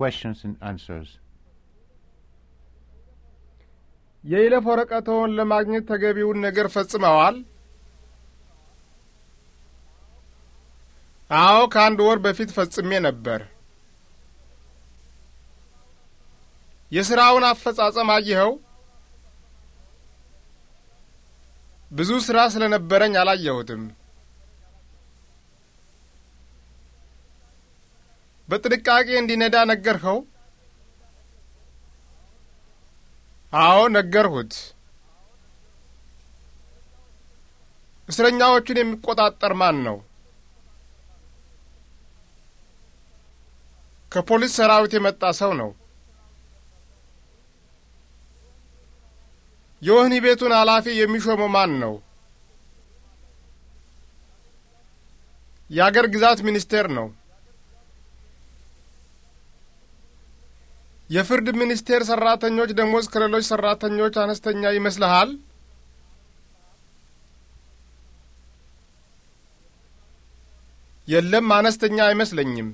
questions and answers የይለፍ ወረቀቶን ለማግኘት ተገቢውን ነገር ፈጽመዋል? አዎ፣ ከአንድ ወር በፊት ፈጽሜ ነበር። የስራውን አፈጻጸም አየኸው? ብዙ ስራ ስለነበረኝ አላየሁትም። በጥንቃቄ እንዲነዳ ነገርኸው? አዎ ነገርሁት። እስረኛዎቹን የሚቆጣጠር ማን ነው? ከፖሊስ ሰራዊት የመጣ ሰው ነው። የወህኒ ቤቱን ኃላፊ የሚሾመው ማን ነው? የአገር ግዛት ሚኒስቴር ነው። የፍርድ ሚኒስቴር ሰራተኞች ደሞዝ ከሌሎች ሰራተኞች አነስተኛ ይመስልሃል? የለም፣ አነስተኛ አይመስለኝም።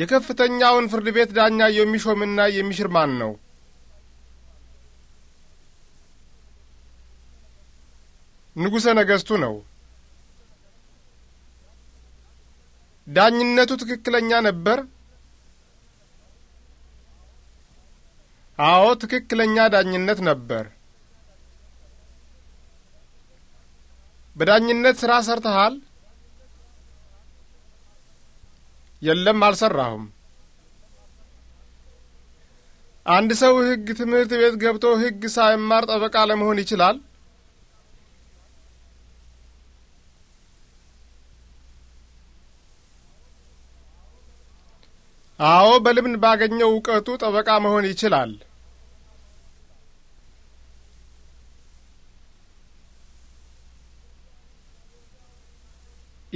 የከፍተኛውን ፍርድ ቤት ዳኛ የሚሾምና የሚሽር ማን ነው? ንጉሠ ነገሥቱ ነው። ዳኝነቱ ትክክለኛ ነበር? አዎ፣ ትክክለኛ ዳኝነት ነበር። በዳኝነት ስራ ሰርተሃል? የለም፣ አልሰራሁም። አንድ ሰው ሕግ ትምህርት ቤት ገብቶ ሕግ ሳይማር ጠበቃ ለመሆን ይችላል? አዎ፣ በልብን ባገኘው እውቀቱ ጠበቃ መሆን ይችላል።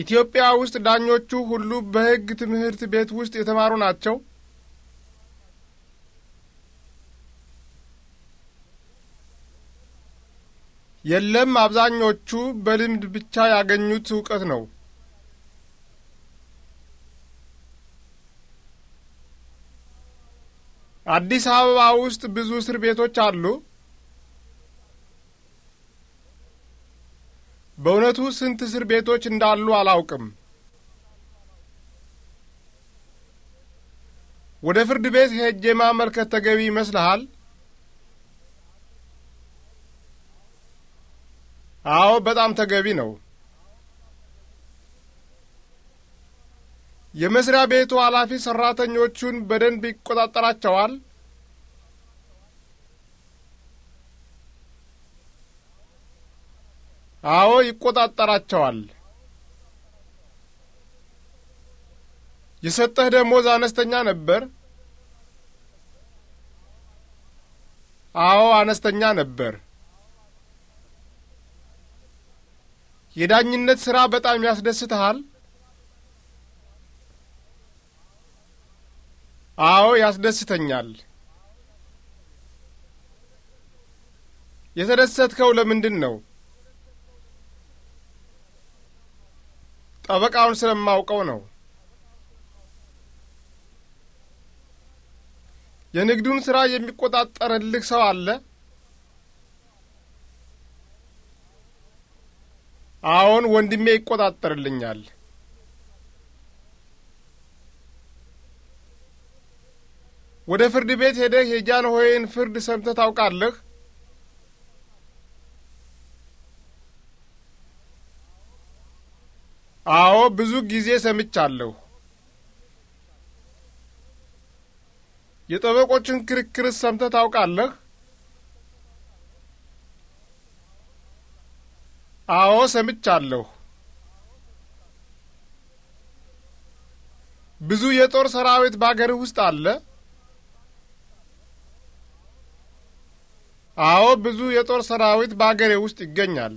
ኢትዮጵያ ውስጥ ዳኞቹ ሁሉ በሕግ ትምህርት ቤት ውስጥ የተማሩ ናቸው? የለም፣ አብዛኞቹ በልምድ ብቻ ያገኙት እውቀት ነው። አዲስ አበባ ውስጥ ብዙ እስር ቤቶች አሉ? በእውነቱ ስንት እስር ቤቶች እንዳሉ አላውቅም። ወደ ፍርድ ቤት ሄጄ ማመልከት ተገቢ ይመስልሃል? አዎ፣ በጣም ተገቢ ነው። የመስሪያ ቤቱ ኃላፊ ሠራተኞቹን በደንብ ይቆጣጠራቸዋል? አዎ ይቆጣጠራቸዋል። የሰጠህ ደሞዝ አነስተኛ ነበር? አዎ አነስተኛ ነበር። የዳኝነት ስራ በጣም ያስደስትሃል? አዎ ያስደስተኛል። የተደሰትከው ለምንድን ነው? ጠበቃውን ስለማውቀው ነው። የንግዱን ሥራ የሚቆጣጠርልህ ሰው አለ? አዎን፣ ወንድሜ ይቆጣጠርልኛል። ወደ ፍርድ ቤት ሄደህ የጃንሆይን ፍርድ ሰምተህ ታውቃለህ? አዎ ብዙ ጊዜ ሰምቻለሁ። የጠበቆችን ክርክር ሰምተህ ታውቃለህ? አዎ ሰምቻለሁ። ብዙ የጦር ሰራዊት በአገርህ ውስጥ አለ? አዎ ብዙ የጦር ሰራዊት በአገሬ ውስጥ ይገኛል።